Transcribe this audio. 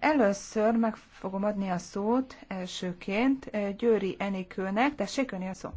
Először meg fogom adni a szót elsőként Győri Enikőnek. Tessék, öni a szó.